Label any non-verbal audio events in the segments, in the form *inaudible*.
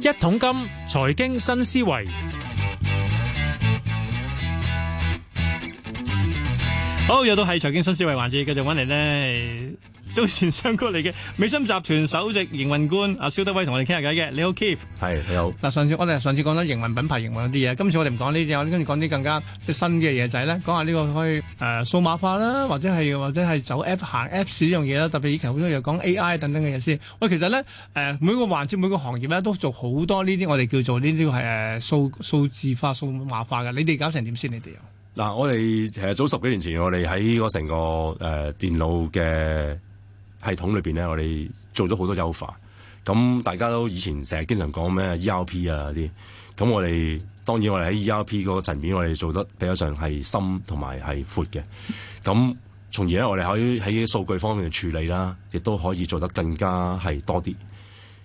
一桶金財經新思維，好，又到係財經新思維環節，繼續揾嚟咧。都係傳商哥嚟嘅，美心集團首席營運官阿蕭德威同我哋傾下偈嘅，你好 Keith，係你好。嗱上次我哋上次講咗營運品牌營運啲嘢，今次我哋唔講呢啲，我哋跟住講啲更加即係新嘅嘢就係咧，講下呢個可以誒、呃、數碼化啦，或者係或者係走 App 行 App 呢樣嘢啦，特別以前好多又講 AI 等等嘅嘢先。喂，其實咧誒、呃、每個環節每個行業咧都做好多呢啲我哋叫做呢啲係數數字化數碼化嘅，你哋搞成點先？你哋又嗱，我哋其實早十幾年前我哋喺嗰成個誒、呃、電腦嘅。系統裏邊咧，我哋做咗好多優化，咁大家都以前成日經常講咩 E R P 啊啲，咁我哋當然我哋喺 E R P 個層面，我哋做得比較上係深同埋係闊嘅。咁，從而咧我哋可以喺喺數據方面嘅處理啦，亦都可以做得更加係多啲。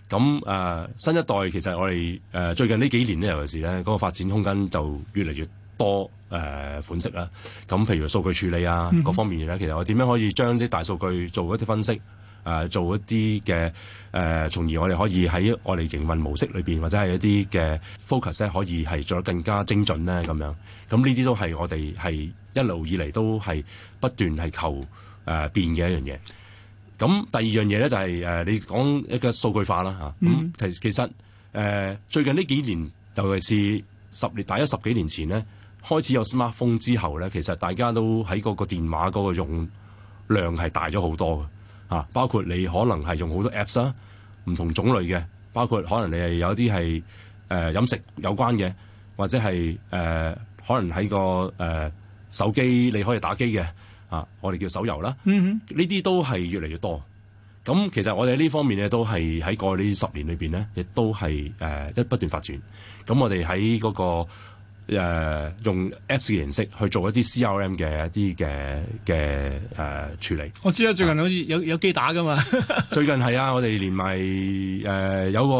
咁誒、呃，新一代其實我哋誒、呃、最近呢幾年咧，尤其是咧嗰、那個發展空間就越嚟越。多誒、呃、款式啦，咁譬如數據處理啊、mm hmm. 各方面咧，其實我點樣可以將啲大數據做一啲分析，誒、呃、做一啲嘅誒，從而我哋可以喺我哋營運模式裏邊或者係一啲嘅 focus 咧，可以係做得更加精準咧咁樣。咁呢啲都係我哋係一路以嚟都係不斷係求誒、呃、變嘅一樣嘢。咁第二樣嘢咧就係、是、誒、呃、你講一個數據化啦嚇，咁、mm hmm. 啊、其實誒、呃、最近呢幾年，尤其是十年，大約十幾年前咧。開始有 smartphone 之後咧，其實大家都喺嗰個電話嗰個用量係大咗好多嘅啊，包括你可能係用好多 apps 啦，唔同種類嘅，包括可能你係有啲係、呃、飲食有關嘅，或者係誒、呃、可能喺個誒、呃、手機你可以打機嘅啊，我哋叫「手遊」啦，呢啲都係越嚟越多。咁其實我哋喺呢方面咧，都係喺過去呢十年裏面咧，亦都係誒一不斷發展。咁我哋喺嗰個。誒、呃、用 Apps 嘅形式去做一啲 CRM 嘅一啲嘅嘅誒處理。我知啊，最近好似有、啊、有機打噶嘛。 *laughs* 最近係啊，我哋連埋誒、呃、有個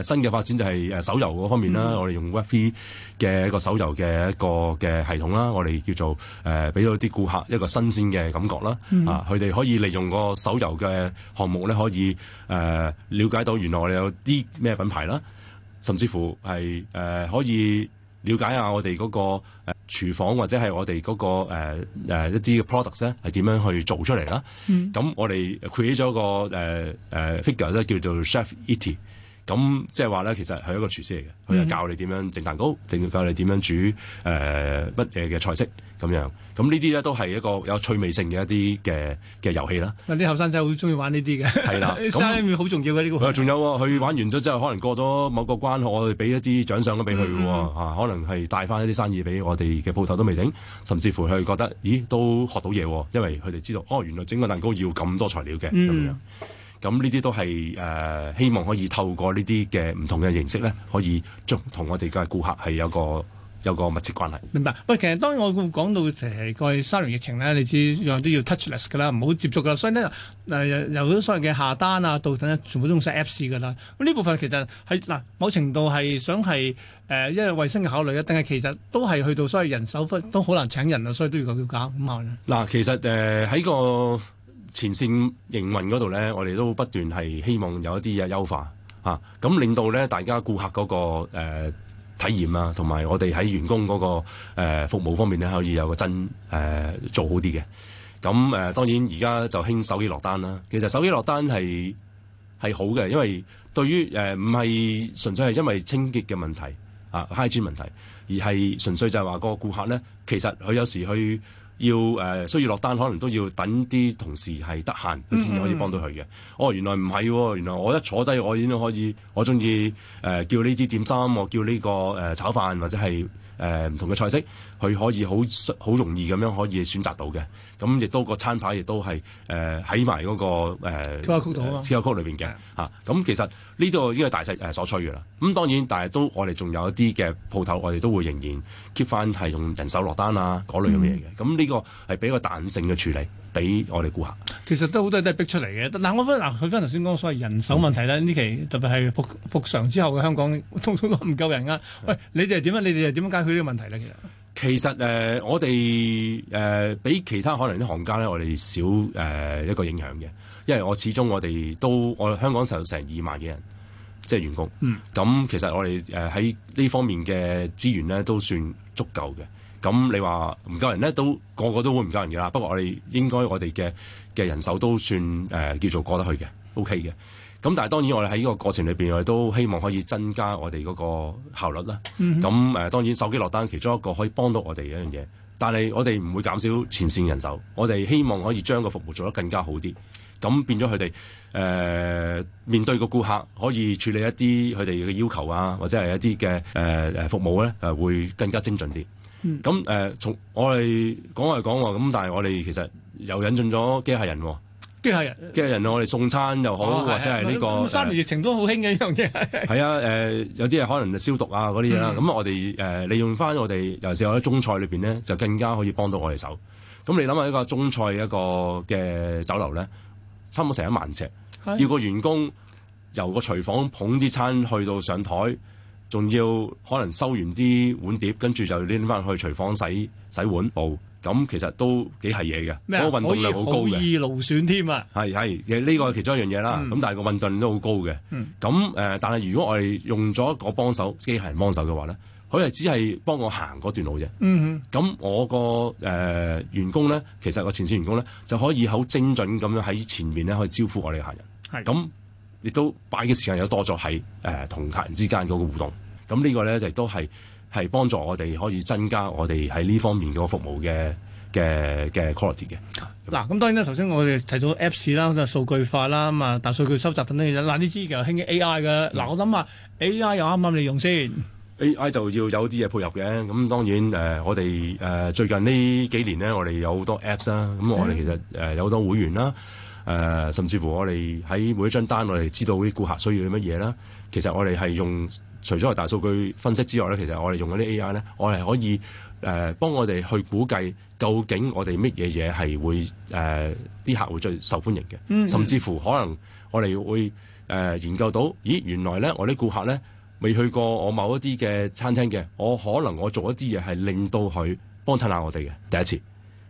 誒新嘅發展就係誒手遊嗰方面啦。嗯、我哋用 Web3 嘅一個手遊嘅一個嘅系統啦，我哋叫做誒俾咗啲顧客一個新鮮嘅感覺啦。啊，佢哋可以利用個手遊嘅項目咧，可以誒瞭、呃、解到原來我哋有啲咩品牌啦，甚至乎係誒、呃、可以。了解下我哋嗰個廚房，或者係我哋嗰、嗰個誒誒、uh, uh, uh, 一啲嘅 products 咧，係點樣去做出嚟啦？咁、嗯、我哋 create 咗個誒誒、uh, uh, figure 咧，叫做 Chef Eti 咁即係話咧，其實係一個廚師嚟嘅，佢又教你點樣整蛋糕，整教你點樣煮誒乜嘢嘅菜式咁樣。咁呢啲咧都係一個有趣味性嘅一啲嘅嘅遊戲啦。嗱，啲後生仔好中意玩呢啲嘅。係啦，生好重要嘅呢個。誒，仲有喎，佢玩完咗之後，可能過咗某個關，我哋俾一啲獎賞都俾佢喎。可能係帶翻一啲生意俾我哋嘅鋪頭都未定，甚至乎佢覺得，咦，都學到嘢，因為佢哋知道，哦，原來整個蛋糕要咁多材料嘅咁、嗯、樣。咁呢啲都係誒、呃，希望可以透過呢啲嘅唔同嘅形式咧，可以將同我哋嘅顧客係有個有個密切關係。明白喂，其實當然我會講到誒個三陽疫情咧，你知樣都要 touchless 㗎啦，唔好接觸㗎，所以呢，誒、呃、由所謂嘅下單啊，到等一全部都用晒 Apps 㗎啦。咁呢部分其實係嗱、呃、某程度係想係誒、呃，因為衞生嘅考慮啊，定係其實都係去到所以人手都都好難請人啊，所以都要咁樣搞咁啊。嗱，其實誒喺、呃、個前線營運嗰度咧，我哋都不斷係希望有一啲嘢優化嚇咁、啊、令到咧大家顧客嗰、那個誒、呃、體驗啊，同埋我哋喺員工嗰、那個、呃、服務方面咧，可以有個真誒、呃、做好啲嘅。咁、啊、誒當然而家就興手機落單啦，其實手機落單係係好嘅，因為對於誒唔係純粹係因為清潔嘅問題啊，hygiene 問題，而係純粹就係話個顧客咧，其實佢有時去。要誒、呃、需要落單，可能都要等啲同事係得閒，佢先至可以幫到佢嘅。Mm hmm. 哦，原來唔係、哦，原來我一坐低，我已經可以，我中意誒叫呢啲點心，我叫呢、呢個、呃、炒飯或者係誒唔同嘅菜式。佢可以好好容易咁樣可以選擇到嘅，咁亦都個餐牌亦都係誒喺埋嗰個誒、呃、曲裏邊嘅嚇。咁其實呢度已經係大勢、呃、所趨嘅啦。咁、嗯、當然，但係都我哋仲有一啲嘅鋪頭，我哋都會仍然 keep 翻係用人手落單啊嗰類嘅嘢嘅。咁呢、嗯、個係比較彈性嘅處理，俾我哋顧客其實都好多都係逼出嚟嘅。嗱，我覺得嗱，佢翻頭先講所謂人手問題咧，呢、嗯、期特別係復復常之後嘅香港，通通都唔夠人啊。喂，你哋係點啊？你哋係點解決呢個問題咧？其實？其實誒、呃，我哋誒、呃、比其他可能啲行家咧，我哋少誒、呃、一個影響嘅，因為我始終我哋都我哋香港成成二萬幾人即係員工，咁其實我哋誒喺呢方面嘅資源咧都算足夠嘅。咁你話唔夠人咧，都個個都會唔夠人嘅啦。不過我哋應該我哋嘅嘅人手都算誒、呃、叫做過得去嘅，OK 嘅。咁但係當然我哋喺呢個過程裏面，我哋都希望可以增加我哋嗰個效率啦。咁誒、mm hmm. 啊、當然手機落單其中一個可以幫到我哋嘅一樣嘢，但係我哋唔會減少前線人手，我哋希望可以將個服務做得更加好啲。咁變咗佢哋誒面對個顧客可以處理一啲佢哋嘅要求啊，或者係一啲嘅、呃、服務咧，誒會更加精準啲。咁誒、mm hmm. 啊、從我哋講係講喎，咁但係我哋其實又引進咗機械人喎。即係，係人我哋送餐又好，哦、或者係呢、呢個三年疫情都好興嘅呢樣嘢。係啊的，誒、 *laughs* 呃，有啲係可能消毒啊嗰啲啦。咁、嗯、我哋誒、呃，利用翻我哋尤其是喺中菜裏邊咧，就更加可以幫到我哋手。咁你諗下呢個中菜一個嘅酒樓咧，差唔多成一萬尺，要個的員工由個廚房捧啲餐去到上台，仲要可能收完啲碗碟，跟住就拎翻去廚房洗洗碗布。咁其實都幾係嘢嘅，嗰麼個運動力好高嘅。可以好易勞損添啊！係係，呢、這個其中一樣嘢啦。咁、嗯、但係個運動力都好高嘅。咁誒、嗯呃，但係如果我哋用咗一個幫手機械人幫手嘅話咧，佢係只係幫我行嗰段路啫。咁、嗯、哼我個誒、呃、員工咧，其實個前線員工咧就可以好精準咁樣喺前面咧，可以招呼我哋嘅客人。係咁是，亦都擺嘅時間有多咗，係誒同客人之間嗰個互動。咁呢個咧就亦都係。係幫助我哋可以增加我哋喺呢方面嘅服務嘅嘅嘅 quality 嘅。嗱，咁當然啦，頭先我哋提到 Apps 啦，就數據化啦咁啊，大數據收集等等嘢，嗱你知又興 AI 嘅。嗱、嗯、我諗下 AI 又啱唔啱你用先？AI 就要有啲嘢配合嘅。咁當然誒、呃，我哋誒、呃、最近呢幾年咧，我哋有好多 Apps 啦。咁我哋其實誒、呃、有好多會員啦。誒、呃、甚至乎我哋喺每一張單，我哋知道啲顧客需要啲乜嘢啦。其實我哋係用。嗯除咗係大數據分析之外咧，其實我哋用嗰啲 AI 咧，我哋可以誒、呃、幫我哋去估計究竟我哋乜嘢嘢係會誒啲、呃、客戶最受歡迎嘅，甚至乎可能我哋會誒、呃、研究到，咦原來咧我啲顧客咧未去過我某一啲嘅餐廳嘅，我可能我做一啲嘢係令到佢幫襯下我哋嘅第一次。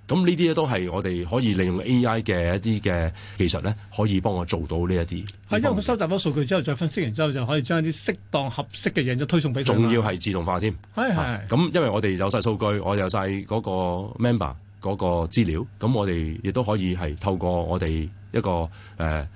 咁呢啲咧都係我哋可以利用 AI 嘅一啲嘅技術咧，可以幫我做到呢一啲。係，因為我收集咗數據之後，再分析完之後，就可以將啲適當合適嘅嘢都推送俾佢。仲要係自動化添。係係是。咁因為我哋有晒數據，我有晒嗰個 member 嗰個資料，咁我哋亦都可以係透過我哋一個、呃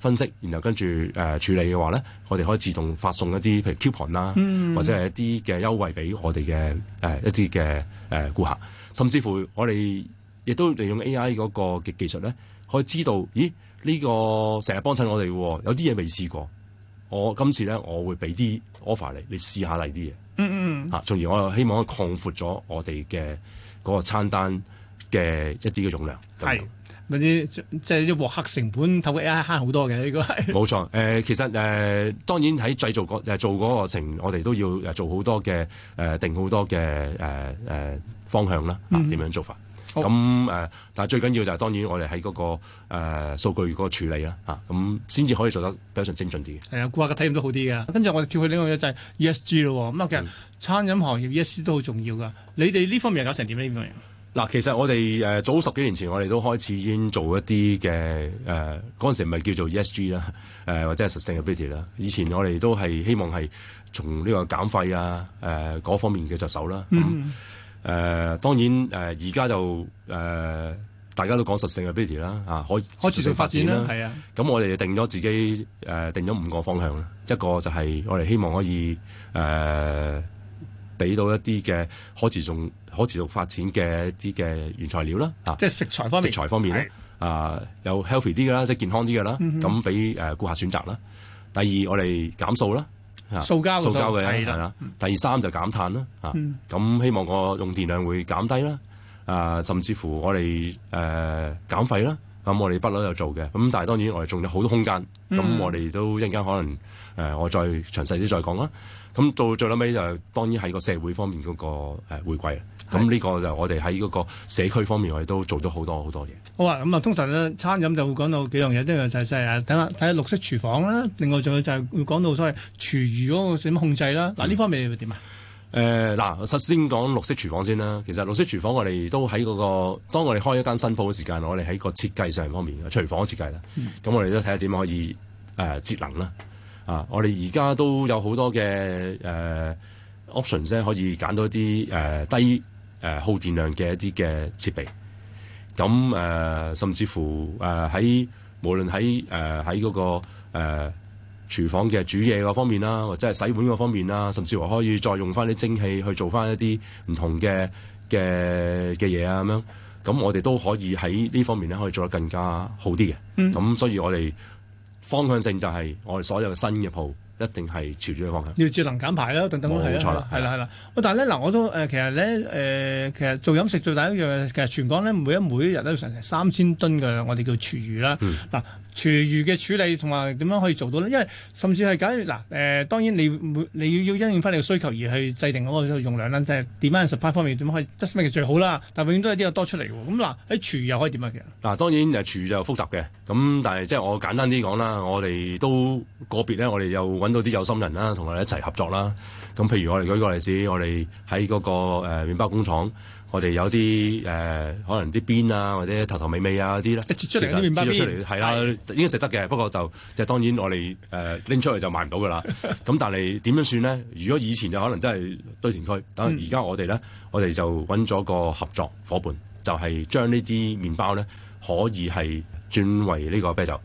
分析，然後跟住誒處理嘅話咧，我哋可以自動發送一啲譬如 coupon 啦，mm hmm. 或者係一啲嘅優惠俾我哋嘅誒一啲嘅誒顧客，甚至乎我哋亦都利用 AI 嗰個嘅技術咧，可以知道咦呢、這個成日幫襯我哋嘅，有啲嘢未試過，我今次咧，我會俾啲 offer 你，你試下嚟啲嘢。嗯嗯、mm。嚇、hmm. 啊，從而我又希望可以擴闊咗我哋嘅嗰個餐單嘅一啲嘅容量。係。啲即係啲獲客成本透過 AI 慳好多嘅呢、呢個係冇錯其實誒、呃、當然喺製造個做嗰程，我哋都要做好多嘅、呃、定好多嘅、呃、方向啦點、啊、樣做法咁、嗯呃、但係最緊要就係當然我哋喺嗰個、呃、數數據嗰個處理啦咁先至可以做得比較精準啲嘅係啊，顧客體驗都好啲嘅。跟住我哋跳去呢個就係 ESG 咯咁啊，其實餐飲行業 ESG 都好重要㗎。你哋呢方面搞成點呢？呢方面？嗱，其實我哋早十幾年前，我哋都開始已經做一啲嘅誒，嗰、呃、陣時咪叫做 ESG 啦、呃，或者係 sustainability 啦。以前我哋都係希望係從呢個減廢啊誒嗰、呃、方面嘅着手啦。誒、嗯呃、當然誒而家就、呃、大家都講 sustainability 啦，啊可可持續發展啦，係啊。咁我哋定咗自己、呃、定咗五個方向啦，一個就係我哋希望可以誒俾、呃、到一啲嘅可持續。可持續發展嘅一啲嘅原材料啦，嚇，即係食材方面。食材方面咧，啊是、呃，有 healthy 啲嘅啦，即係健康啲嘅啦，咁俾誒顧客選擇啦。第二，我哋減數啦，塑膠嘅膠，啦。的的第二三就減碳啦，嚇、嗯，咁、啊、希望我用電量會減低啦，啊，甚至乎我哋誒、呃、減費啦，咁、啊、我哋不嬲有做嘅，咁但係當然我哋仲有好多空間，咁、嗯、我哋都一陣間可能誒、呃，我再詳細啲再講啦。咁到最後尾就是、當然喺個社會方面嗰個回饋咁呢個就我哋喺嗰個社區方面，我哋都做咗好多好多嘢是。好啊，咁啊，通常咧餐飲就會講到幾樣嘢，一樣就係、是、誒，睇下睇下綠色廚房啦。另外仲有就係、是、講到所謂廚餘嗰個點控制啦。嗱、嗯，呢方面你會點啊？誒嗱、呃，首先講綠色廚房先啦。其實綠色廚房我哋都喺嗰、那個，當我哋開一間新鋪嘅時間，我哋喺個設計上方面，廚房設設計啦。咁、嗯、我哋都睇下點可以誒、呃、節能啦。啊、呃，我哋而家都有好多嘅 option 啫，呃、Options，可以揀到一啲、呃、低。誒耗電量嘅一啲嘅設備，咁誒、呃、甚至乎誒喺、呃、無論喺誒喺嗰個誒、呃、廚房嘅煮嘢嗰方面啦，或者係洗碗嗰方面啦，甚至乎可以再用翻啲蒸汽去做翻一啲唔同嘅嘅嘅嘢啊咁樣，咁我哋都可以喺呢方面咧可以做得更加好啲嘅。嗯，咁所以我哋方向性就係我哋所有嘅新嘅鋪。一定係朝住呢個方向，要節能減排啦，等等都係啦，冇錯啦，係啦係啦。咁但係咧嗱，我都誒、呃、其實咧誒、呃，其實做飲食最大一樣，其實全港咧每一每一日都成成三千噸嘅我哋叫廚餘啦，嗱、嗯。啊廚餘嘅處理同埋點樣可以做到呢？因為甚至係假如嗱誒，當然你你你要因應翻你嘅需求而去制定嗰個用量啦，即係點樣 supply 方面點可以 j u 嘅最好啦。但永遠都有啲有多出嚟喎。咁嗱喺廚餘又可以點啊？其實嗱，當然誒、啊、廚餘就複雜嘅，咁但係即係我簡單啲講啦。我哋都個別咧，我哋又揾到啲有心人啦，同我哋一齊合作啦。咁譬如我哋舉個例子，我哋喺嗰個誒、呃、麵包工廠。我哋有啲誒、呃，可能啲邊啊，或者頭頭尾尾啊啲咧，一出嚟啲麵包邊出嚟係啦，的應該食得嘅。不過就即係當然我，我哋拎出嚟就賣唔到噶啦。咁 *laughs* 但係點樣算咧？如果以前就可能真係堆填區，等而家我哋咧，我哋就搵咗個合作伙伴，就係、是、將呢啲麵包咧可以係轉為呢個啤酒，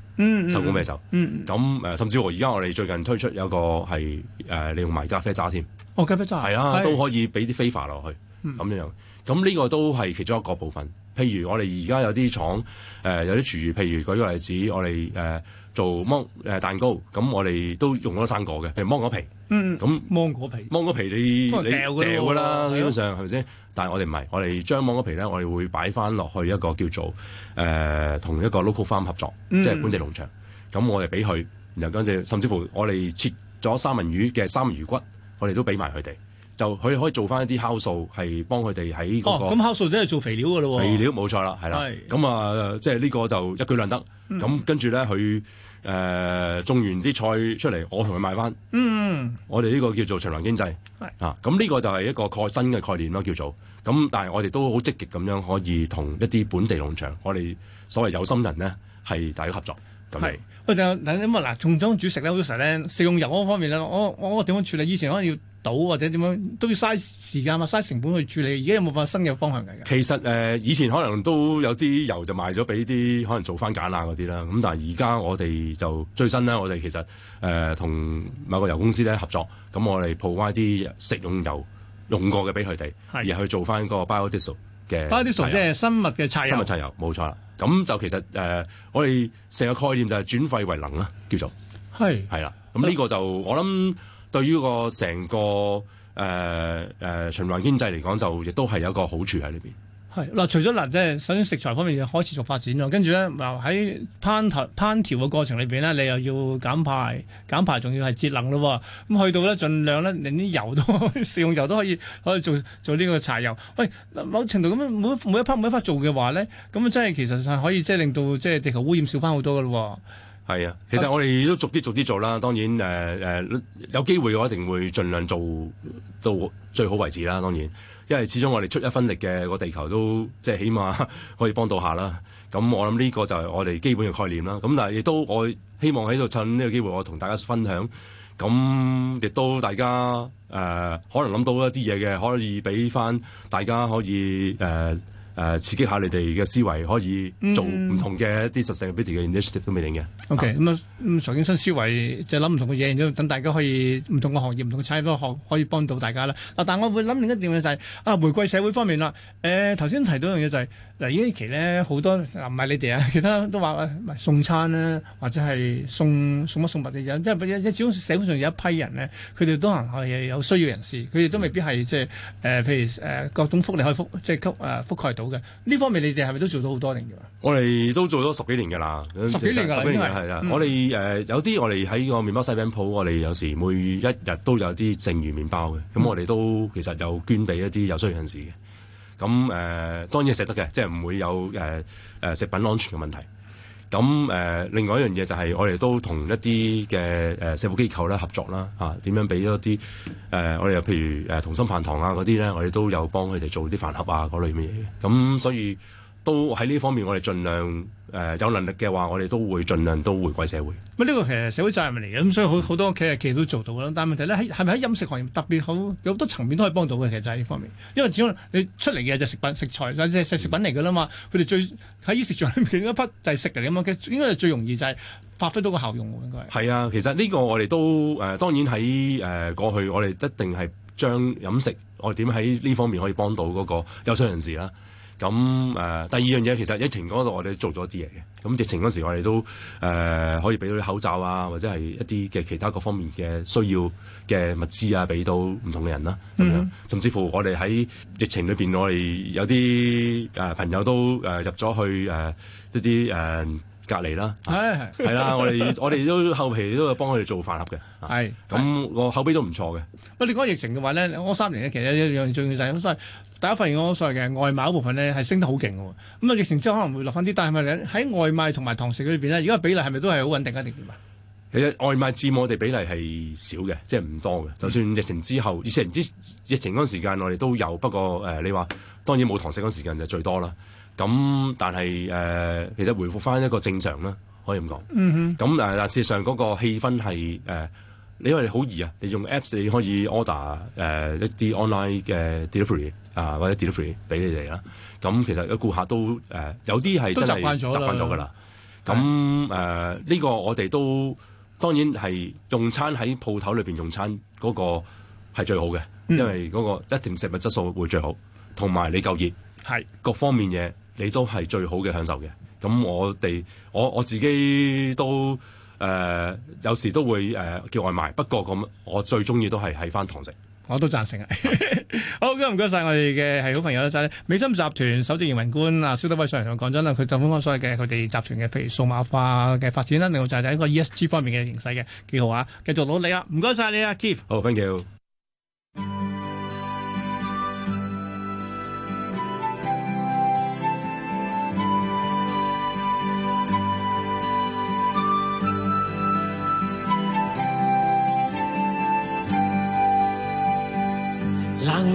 手工啤酒。咁、呃、甚至乎而家我哋最近推出有個係你、呃、利用埋咖啡渣添，哦，咖啡渣係啊，的的都可以俾啲飛法落去咁、嗯、樣。咁呢個都係其中一個部分。譬如我哋而家有啲廠，誒、呃、有啲廚餘。譬如舉個例子，我哋誒、呃、做芒誒蛋糕，咁我哋都用咗生果嘅，譬如芒果皮。嗯。咁那芒果皮。芒果皮你你掉㗎啦，基本上係咪先？吧但係我哋唔係，我哋將芒果皮咧，我哋會擺翻落去一個叫做誒同、呃、一個 local farm 合作，嗯、即係本地農場。咁我哋俾佢，然後跟住，甚至乎我哋切咗三文魚嘅三文魚骨，我哋都俾埋佢哋。就佢可以做翻一啲酵素，係幫佢哋喺嗰個咁酵、啊、素都係做肥料嘅咯、啊。肥料冇錯啦，係啦。咁啊是、呃，即係呢個就一舉兩得。咁、嗯、跟住咧，佢誒、呃、種完啲菜出嚟，我同佢買翻。嗯，嗯，我哋呢個叫做循環經濟。是啊，咁呢個就係一個創新嘅概念囉，叫做咁。但係我哋都好積極咁樣可以同一啲本地農場，我哋所謂有心人咧，係大家合作咁是樣。我就嗱咁啊，嗱種種煮食咧，好多時咧食用油嗰方面咧，我我點樣處理？以前可能要。倒或者點樣都要嘥時間嘛，嘥成本去處理，而家有冇發生新嘅方向？其實、呃、以前可能都有啲油就賣咗俾啲可能做翻簡啊嗰啲啦。咁但係而家我哋就最新啦，我哋其實、呃、同某個油公司咧合作，咁我哋 provide 啲食用油用過嘅俾佢哋，是而去做翻個 bio diesel 嘅 bio diesel 即係生物嘅柴油。生物柴油，生物柴油冇錯啦。咁就其實、呃、我哋成個概念就係轉廢為能啦，叫做係係啦。咁呢是個就是我諗。對於個成個誒誒循環經濟嚟講，就亦都係有一個好處喺呢邊。係嗱，除咗嗱，即係首先食材方面又開始做發展咯。跟住咧，嗱喺烹調烹調嘅過程裏邊咧，你又要減排，減排仲要係節能咯。咁去到咧，儘量咧，令啲油都食用油都可以可以做做呢個柴油。喂，某程度咁每每一 part 每一 part 做嘅話咧，咁真係其實係可以即係令到即係地球污染少翻好多嘅咯。係啊，其實我哋都逐啲逐啲做啦。當然，誒、呃、誒，有機會我一定會盡量做到最好為止啦。當然，因為始終我哋出一分力嘅個地球都即係起碼可以幫到下啦。咁我諗呢個就係我哋基本嘅概念啦。咁但係亦都我希望喺度趁呢個機會，我同大家分享。咁亦都大家誒、呃，可能諗到一啲嘢嘅，可以俾翻大家可以誒。呃誒、呃、刺激下你哋嘅思維，可以做唔同嘅一啲實性俾啲嘅、嗯、initiative 都未定嘅。OK，咁啊，咁嘗試新思維，就係諗唔同嘅嘢，咁等大家可以唔同嘅行業、唔同嘅產業都可可以幫到大家啦、啊。但係我會諗另一點嘅就係、是、啊，回饋社會方面啦。誒頭先提到的一樣嘢就係、是、嗱，呢期咧好多唔係、啊、你哋啊，其他都話、啊、送餐啦、啊，或者係送送乜送乜嘅嘢，即係始終社會上有一批人呢，佢哋都係係有需要人士，佢哋都未必係即係誒，譬、呃、如誒、呃、各種福利可以覆，即係覆覆蓋到。呢方面你哋係咪都做到好多年㗎？我哋都做咗十幾年㗎啦，十幾年實為十幾年係啦。嗯、我哋誒、呃、有啲我哋喺個麵包西餅鋪，我哋有時每一日都有啲剩餘麵包嘅，咁我哋都其實有捐俾一啲有需要人士嘅。咁誒、呃、當然係食得嘅，即係唔會有誒誒食品安全嘅問題。咁誒、呃，另外一樣嘢就係我哋都同一啲嘅誒社會機構咧合作啦，嚇、啊、點樣俾一啲誒我哋譬如、呃、同心飯堂啊嗰啲咧，我哋都有幫佢哋做啲飯盒啊嗰類嘅嘢，咁所以。都喺呢方面我盡，我哋盡量誒有能力嘅話，我哋都會盡量都回歸社會。呢個其實社會責任嚟嘅，咁所以好好多企業企業都做到啦。但問題咧，喺係咪喺飲食行業特別好，有好多層面都可以幫到嘅。其實就係呢方面，因為始終你出嚟嘅就食品食材即係食食品嚟噶啦嘛。佢哋最喺衣食上裏面一筆就係食嚟咁嘛。嘅，應該係最容易就係發揮到個效用喎。應該係啊，其實呢個我哋都誒、呃，當然喺誒、呃、過去我哋一定係將飲食我哋點喺呢方面可以幫到嗰個優秀人士啦。咁誒，第二樣嘢其實疫情嗰度我哋做咗啲嘢嘅。咁疫情嗰時我哋都誒、呃、可以俾到啲口罩啊，或者係一啲嘅其他各方面嘅需要嘅物資啊，俾到唔同嘅人啦、啊。咁樣，嗯、甚至乎我哋喺疫情裏邊，我哋有啲誒、呃、朋友都誒入咗去誒、呃、一啲誒。呃隔離啦，係係啦，我哋我哋都後期都有幫佢哋做飯盒嘅，係，咁我口碑都唔錯嘅。喂，你講疫情嘅話咧，我三年其實一樣重要就係，所以大家發現我所謂嘅外賣一部分咧係升得好勁嘅。咁啊，疫情之後可能會落翻啲，但係咪喺外賣同埋堂食裏邊咧，而家比例係咪都係好穩定一定點啊？其實外賣佔我哋比例係少嘅，即係唔多嘅。就算疫情之後，疫情之前，疫情嗰時間我哋都有，不過誒、呃，你話當然冇堂食嗰時間就最多啦。咁但係誒、呃，其實回復翻一個正常啦，可以咁講。嗯哼。咁、呃、事實上嗰個氣氛係你、呃、因為好易啊，你用 Apps 你可以 order 誒、呃、一啲 online 嘅 delivery 啊、呃，或者 delivery 俾你哋啦。咁、呃、其實個顧客都誒、呃，有啲係真係習慣咗㗎啦。咁誒，呢個我哋都當然係用餐喺鋪頭裏邊用餐嗰個係最好嘅，嗯、因為嗰個一定食物質素會最好，同埋你夠熱，係的各方面嘢。你都係最好嘅享受嘅，咁我哋我我自己都誒、呃、有時都會誒、呃、叫外賣，不過咁我最中意都係喺翻堂食。我都贊成啊！ *laughs* 好，唔該晒，我哋嘅係好朋友啦，美心集團首席營運官啊，蕭德威上輪就講咗啦，佢就講咗所謂嘅佢哋集團嘅譬如數碼化嘅發展啦，另外就係一個 ESG 方面嘅形勢嘅幾好啊！繼續努力啊。唔該晒，你啊 Keith 好，thank you。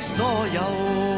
所有。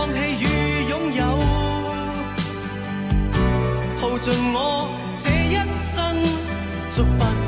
放棄與擁有，耗盡我這一生，觸發